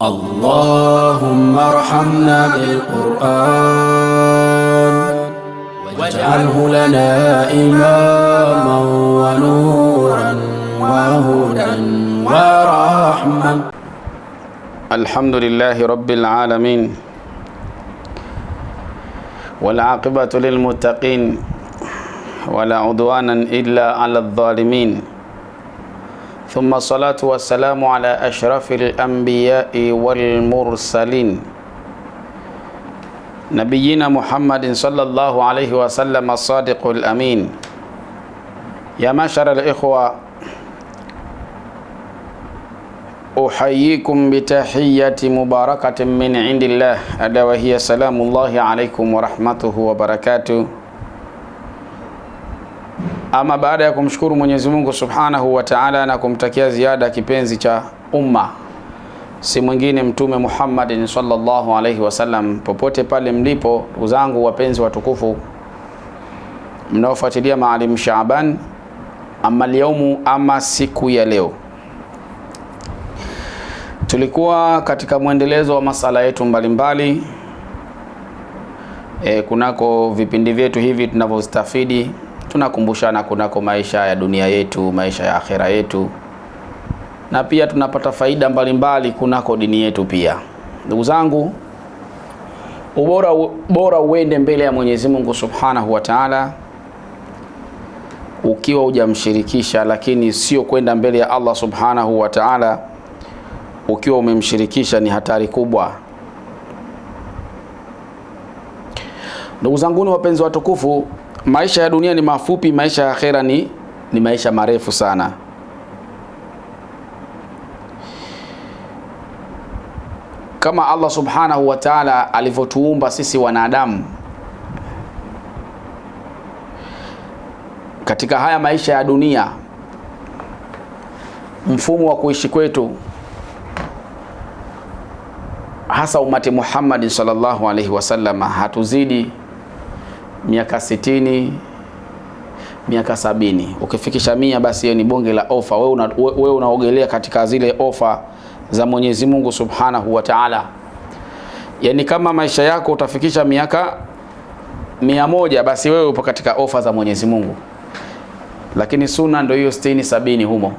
اللهم ارحمنا بالقرآن واجعله لنا إماما ونورا وهدى ورحمة الحمد لله رب العالمين والعاقبة للمتقين ولا عدوانا إلا على الظالمين ثم الصلاة والسلام على أشرف الأنبياء والمرسلين نبينا محمد صلى الله عليه وسلم الصادق الأمين يا معشر الإخوة أحييكم بتحية مباركة من عند الله ألا وهي سلام الله عليكم ورحمته وبركاته Ama baada ya kumshukuru Mwenyezi Mungu Subhanahu wa Ta'ala na kumtakia ziada kipenzi cha umma, si mwingine Mtume Muhammadin sallallahu alayhi wasallam, popote pale mlipo, ndugu zangu wapenzi watukufu mnaofuatilia Maalim Shaaban, ama leo ama siku ya leo, tulikuwa katika mwendelezo wa masala yetu mbalimbali mbali. Eh, e, kunako vipindi vyetu hivi tunavyostafidi tunakumbushana kunako maisha ya dunia yetu, maisha ya akhera yetu, na pia tunapata faida mbalimbali mbali kunako dini yetu. Pia ndugu zangu, ubora bora uende mbele ya Mwenyezi Mungu Subhanahu wa Ta'ala ukiwa hujamshirikisha, lakini sio kwenda mbele ya Allah Subhanahu wa Ta'ala ukiwa umemshirikisha, ni hatari kubwa. Ndugu zanguni wapenzi watukufu maisha ya dunia ni mafupi, maisha ya akhera ni, ni maisha marefu sana. Kama Allah subhanahu wa ta'ala alivyotuumba sisi wanadamu katika haya maisha ya dunia, mfumo wa kuishi kwetu hasa umati Muhammad sallallahu alaihi wasallam hatuzidi miaka sitini miaka sabini ukifikisha mia basi hiyo ni bonge la ofa. Wewe unaogelea katika zile ofa za Mwenyezi Mungu Subhanahu wa Ta'ala. Yaani kama maisha yako utafikisha miaka mia moja basi wewe upo katika ofa za Mwenyezi Mungu, lakini suna ndio hiyo sitini sabini humo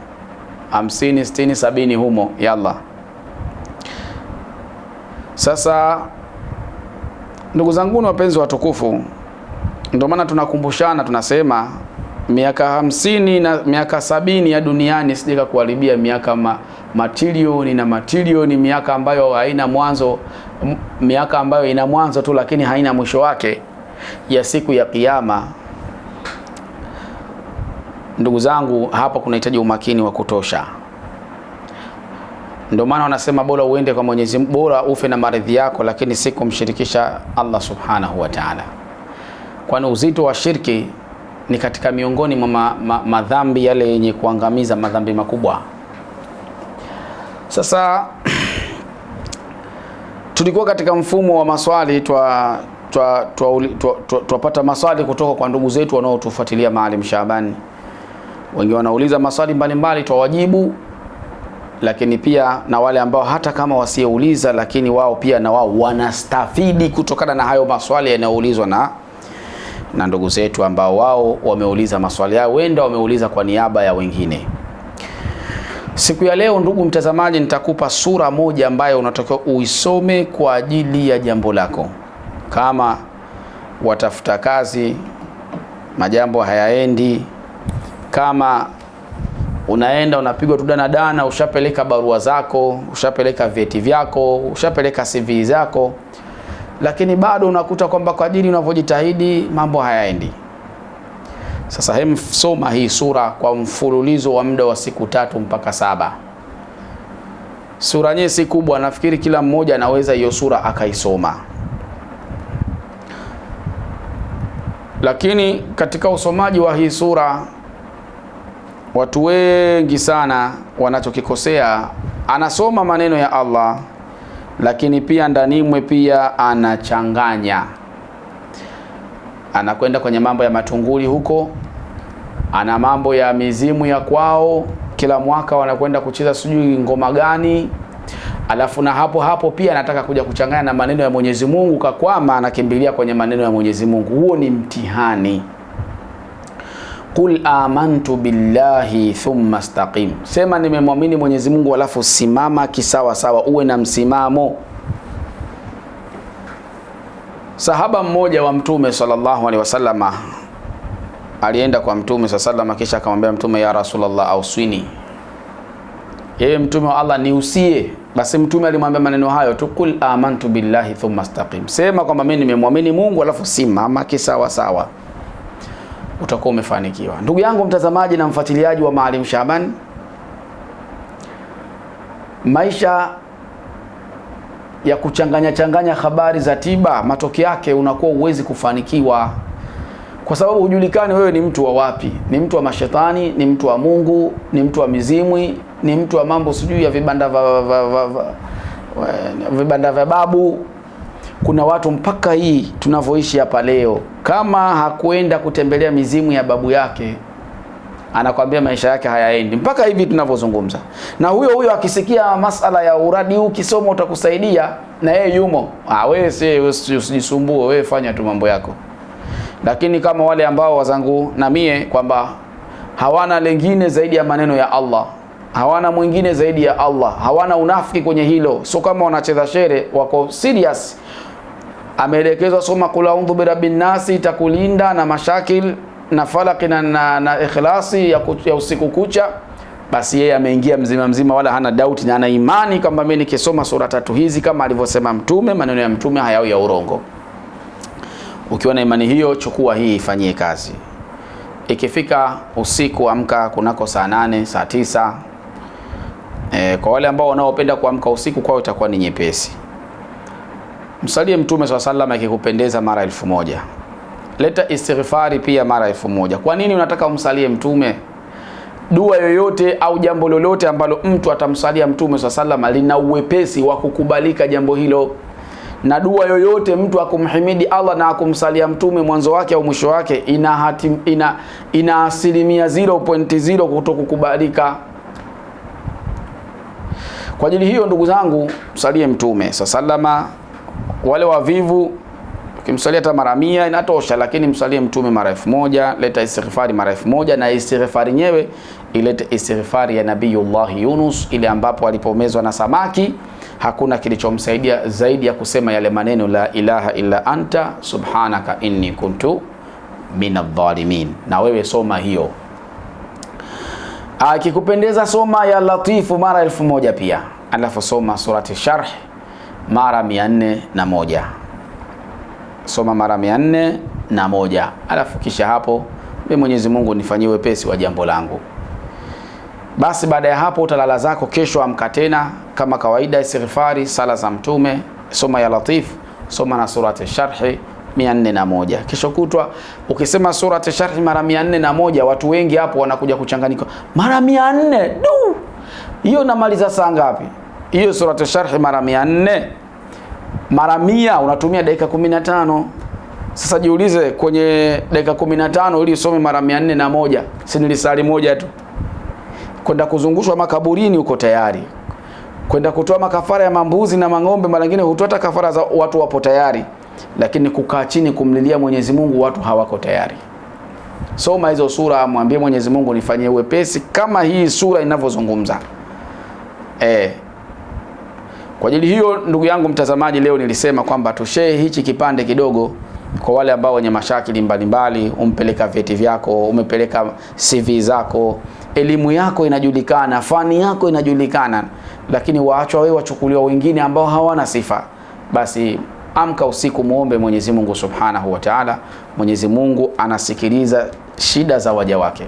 hamsini sitini sabini humo yalla. Sasa ndugu zangu wapenzi watukufu ndio maana tunakumbushana tunasema miaka hamsini na miaka sabini ya duniani sijika kuharibia miaka ma, matilioni na matilioni, miaka ambayo haina mwanzo, miaka ambayo ina mwanzo tu lakini haina mwisho wake, ya siku ya Kiyama. Ndugu zangu, hapa kunahitaji umakini wa kutosha. Ndio maana wanasema bora uende kwa Mwenyezi Mungu, bora ufe na maradhi yako, lakini si kumshirikisha Allah subhanahu wa Ta'ala kwani uzito wa shirki ni katika miongoni mwa ma, ma, madhambi yale yenye kuangamiza, madhambi makubwa. Sasa tulikuwa katika mfumo wa maswali twa twapata maswali kutoka kwa ndugu zetu wanaotufuatilia Maalim Shabani. Wengi wanauliza maswali mbalimbali, twawajibu, lakini pia na wale ambao hata kama wasiyeuliza, lakini wao pia na wao wanastafidi kutokana na hayo maswali yanayoulizwa na na ndugu zetu ambao wao wameuliza maswali yao, wenda wameuliza kwa niaba ya wengine. Siku ya leo, ndugu mtazamaji, nitakupa sura moja ambayo unatakiwa uisome kwa ajili ya jambo lako. Kama watafuta kazi, majambo hayaendi, kama unaenda unapigwa tu dana, ushapeleka barua zako, ushapeleka vyeti vyako, ushapeleka CV zako lakini bado unakuta kwamba kadiri unavyojitahidi mambo hayaendi. Sasa hem, soma hii sura kwa mfululizo wa muda wa siku tatu mpaka saba. Sura nyingi si kubwa, nafikiri kila mmoja anaweza hiyo sura akaisoma, lakini katika usomaji wa hii sura watu wengi sana wanachokikosea, anasoma maneno ya Allah lakini pia Ndanimwe pia anachanganya, anakwenda kwenye mambo ya matunguli huko, ana mambo ya mizimu ya kwao, kila mwaka wanakwenda kucheza sijui ngoma gani, alafu na hapo hapo pia anataka kuja kuchanganya na maneno ya Mwenyezi Mungu, kakwama, anakimbilia kwenye maneno ya Mwenyezi Mungu. Huo ni mtihani. Qul amantu billahi thumma staqim, sema nimemwamini Mwenyezi Mungu alafu simama kisawa sawa, uwe na msimamo. Sahaba mmoja wa Mtume sallallahu alaihi wasallama alienda kwa Mtume sallallahu, kisha akamwambia Mtume, ya Rasulullah, auswini yeye Mtume wa Allah niusie. Basi Mtume alimwambia maneno hayo tu, qul amantu billahi thumma staqim, sema kwamba mimi nimemwamini Mungu alafu simama kisawa sawa utakuwa umefanikiwa. Ndugu yangu mtazamaji na mfuatiliaji wa Maalim shaban maisha ya kuchanganya changanya habari za tiba, matokeo yake unakuwa uwezi kufanikiwa, kwa sababu hujulikani wewe ni mtu wa wapi. Ni mtu wa mashetani? Ni mtu wa Mungu? Ni mtu wa mizimwi? Ni mtu wa mambo sijui ya vibanda vya vibanda vya babu kuna watu mpaka hii tunavyoishi hapa leo, kama hakuenda kutembelea mizimu ya babu yake, anakwambia maisha yake hayaendi mpaka hivi tunavyozungumza. Na huyo huyo akisikia masala ya uradi huu, kisoma utakusaidia, na yeye yumo, ah, wewe si usijisumbue, wewe fanya tu mambo yako. Lakini kama wale ambao wazangu na mie kwamba hawana lengine zaidi ya maneno ya Allah hawana mwingine zaidi ya Allah, hawana unafiki kwenye hilo. So kama wanacheza shere, wako serious ameelekezwa soma kul audhu birabbin nasi, itakulinda na mashakil na falaki na, na, na ikhlasi ya, kutu, ya usiku kucha. Basi yeye ameingia mzima mzima, wala hana doubt na ana imani kwamba mimi nikisoma sura tatu hizi kama alivyosema Mtume, maneno ya Mtume hayao ya urongo. Ukiwa na imani hiyo, chukua hii ifanyie kazi. Ikifika usiku, amka kunako saa nane saa tisa. E, kwa wale ambao wanaopenda kuamka usiku kwao itakuwa ni nyepesi Msalie Mtume swalla wasallam akikupendeza mara elfu moja. Leta istighfari pia mara elfu moja. Kwa nini unataka umsalie Mtume? Dua yoyote au jambo lolote ambalo mtu atamsalia Mtume swalla wasallam lina uwepesi wa kukubalika jambo hilo, na dua yoyote mtu akumhimidi Allah na akumsalia Mtume mwanzo wake au mwisho wake ina hatim, ina, ina asilimia 0.0 kutokukubalika. Kwa ajili hiyo, ndugu zangu, msalie Mtume swalla sallam wale wavivu ukimswalia hata mara mia inatosha, lakini mswalie mtume mara elfu moja leta istighfari mara elfu moja na istighfari yenyewe ilete istighfari ya Nabiyullahi Yunus, ile ambapo alipomezwa na samaki hakuna kilichomsaidia zaidi ya kusema yale maneno la ilaha illa anta subhanaka inni kuntu minadh-dhalimin. Na wewe soma hiyo, akikupendeza soma ya Latifu mara elfu moja pia, alafu soma surati Sharh mara mia nne na moja. Soma mara mia nne na moja alafu kisha hapo mimi Mwenyezi Mungu nifanyie wepesi wa jambo langu. Basi baada ya hapo utalala zako, kesho amka tena kama kawaida, istighfari, sala za Mtume, soma ya Latif, soma na surati Sharhi mia nne na moja. Kesho kutwa ukisema surati Sharhi mara mia nne na moja, watu wengi hapo wanakuja kuchanganyika, mara mia nne du, hiyo namaliza saa ngapi? hiyo suratu sharhi mara mia nne mara mia unatumia dakika 15. Sasa jiulize, kwenye dakika 15 ili usome mara mia nne na moja, si nilisali moja tu? Kwenda kuzungushwa makaburini uko tayari, kwenda kutoa makafara ya mambuzi na mang'ombe, mara nyingine hutoa hata kafara za watu wapo tayari, lakini kukaa chini kumlilia Mwenyezi Mungu watu hawako tayari. Soma hizo sura, mwambie Mwenyezi Mungu nifanyie uwepesi kama hii sura inavyozungumza eh. Kwa ajili hiyo, ndugu yangu mtazamaji, leo nilisema kwamba tushee hichi kipande kidogo kwa wale ambao wenye mashakili mbalimbali, umpeleka vyeti vyako, umepeleka CV zako, elimu yako inajulikana, fani yako inajulikana, lakini waachwa wewe, wachukuliwa wengine ambao hawana sifa. Basi amka usiku, muombe Mwenyezi Mungu Subhanahu wa Ta'ala. Mwenyezi Mungu anasikiliza shida za waja wake.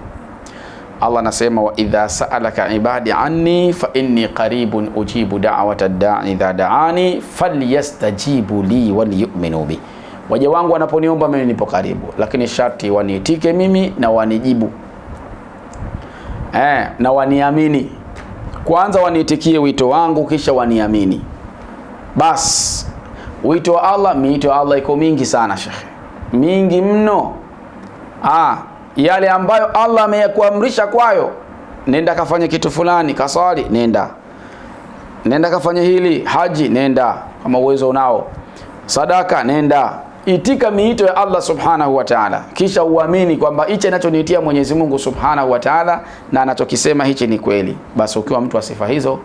Allah anasema wa idha sa'alaka ibadi anni fa inni qaribun ujibu da'wata da'i idha da'ani falyastajibu li waliyu'minu bi, waja wangu wanaponiomba mimi nipo karibu, lakini sharti waniitike mimi na wanijibu eh, na waniamini kwanza, waniitikie wito wangu, kisha waniamini. Bas, wito wa Allah, miito ya Allah iko mingi sana shekhe, mingi mno ah yale ambayo Allah ameyakuamrisha kwayo, nenda kafanya kitu fulani, kasali, nenda nenda kafanya hili, haji, nenda kama uwezo unao, sadaka, nenda itika miito ya Allah subhanahu wa ta'ala, kisha uamini kwamba hichi anachoniitia Mwenyezi Mungu subhanahu wa ta'ala na anachokisema hichi ni kweli. Basi ukiwa mtu wa sifa hizo,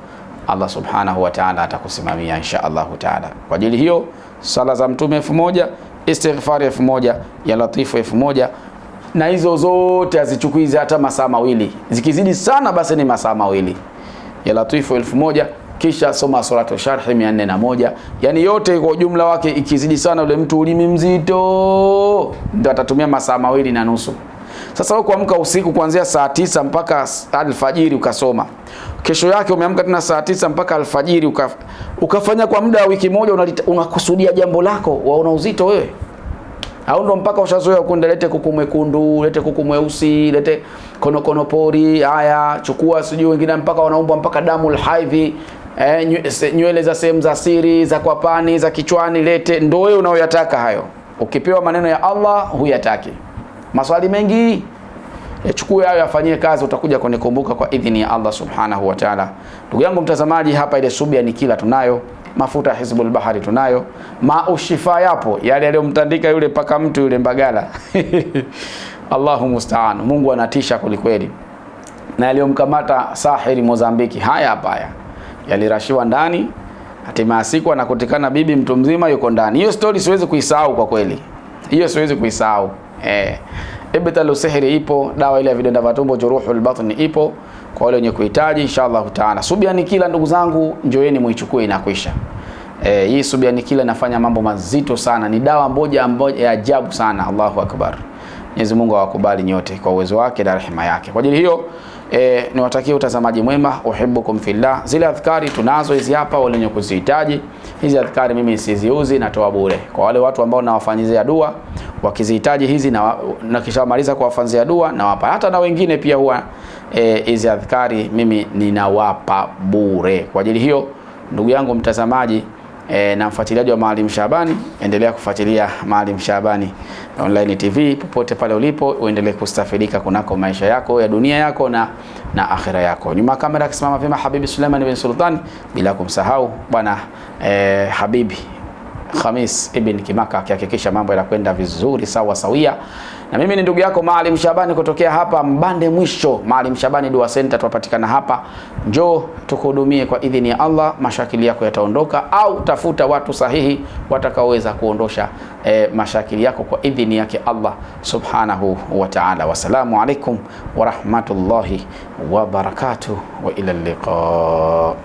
Allah subhanahu wa ta'ala atakusimamia insha Allahu ta'ala. Kwa ajili hiyo, sala za Mtume elfu moja, istighfari elfu moja, ya latifu elfu moja na hizo zote hazichukui hata masaa mawili, zikizidi sana basi ni masaa mawili ya Latifu elfu moja kisha soma suratu sharhi mia nne na moja yani yote kwa ujumla wake, ikizidi sana ule mtu ulimi mzito ndio atatumia masaa mawili na nusu. Sasa wewe kuamka usiku kuanzia saa tisa mpaka alfajiri ukasoma, kesho yake umeamka tena saa tisa mpaka alfajiri uka, ukafanya kwa muda wa wiki moja, unakusudia jambo lako, waona uzito wewe? au ndo mpaka ushazoea kwenda, lete kuku mwekundu, lete kuku mweusi, lete konokono pori, haya chukua, sijui wengine mpaka wanaumbwa mpaka damu lhaidhi eh, nywele za sehemu za siri za kwapani za kichwani, lete ndo wewe unaoyataka hayo. Ukipewa maneno ya Allah huyataki, maswali mengi yachukue eh, hayo yafanyie kazi, utakuja kunikumbuka kwa idhini ya Allah subhanahu wa ta'ala. Ndugu yangu mtazamaji, hapa ile subia ni kila tunayo mafuta Hizbul Bahari tunayo, maushifa yapo yale yaliyomtandika yule paka mtu yule Mbagala Allahu mustaan, Mungu anatisha kulikweli. na yaliyomkamata sahiri Mozambiki haya hapa haya yalirashiwa ndani, hatimaye siku anakutikana bibi mtu mzima yuko ndani. Hiyo story siwezi kuisahau kwa kweli, hiyo siwezi kuisahau eh. Ibtalu sihri ipo, dawa ile ya vidonda vya tumbo, juruhul batni ipo kwa wale wenye kuhitaji inshallah taala. Subiani kila ndugu zangu, njoeni muichukue, inakwisha. E, hii subiani kila inafanya mambo mazito sana, ni dawa moja ya ajabu sana. Allahu akbar. Mwenyezi Mungu awakubali nyote kwa uwezo wake na rehema yake. Kwa ajili hiyo e, niwatakie utazamaji mwema. Uhibbukum fillah. Zile adhkari tunazo hizi hapa, wale wenye kuzihitaji hizi adhkari mimi siziuzi, natoa bure kwa wale watu ambao nawafanyizia dua wakizihitaji hizi na, na kisha maliza kuwafanyizia dua nawapa, hata na wengine pia huwa E, hizi e, adhkari mimi ninawapa bure. Kwa ajili hiyo, ndugu yangu mtazamaji e, na mfuatiliaji wa Maalim Shabani, endelea kufuatilia Maalim Shabani Online TV popote pale ulipo, uendelee kustafidika kunako maisha yako ya dunia yako na, na akhira yako. Nyuma kamera akisimama vyema Habibi Suleiman bin Sultan, bila kumsahau bwana e, Habibi Khamis ibn Kimaka akihakikisha mambo yanakwenda vizuri sawa sawia na mimi ni ndugu yako Maalim Shabani kutokea hapa Mbande Mwisho, Maalim Shabani Dua Center. Tunapatikana hapa, njoo tukuhudumie kwa idhini ya Allah, mashakili yako yataondoka, au tafuta watu sahihi watakaoweza kuondosha e, mashakili yako kwa idhini yake Allah subhanahu wa ta'ala. Wassalamu alaikum wa rahmatullahi wa barakatuh wa ila liqa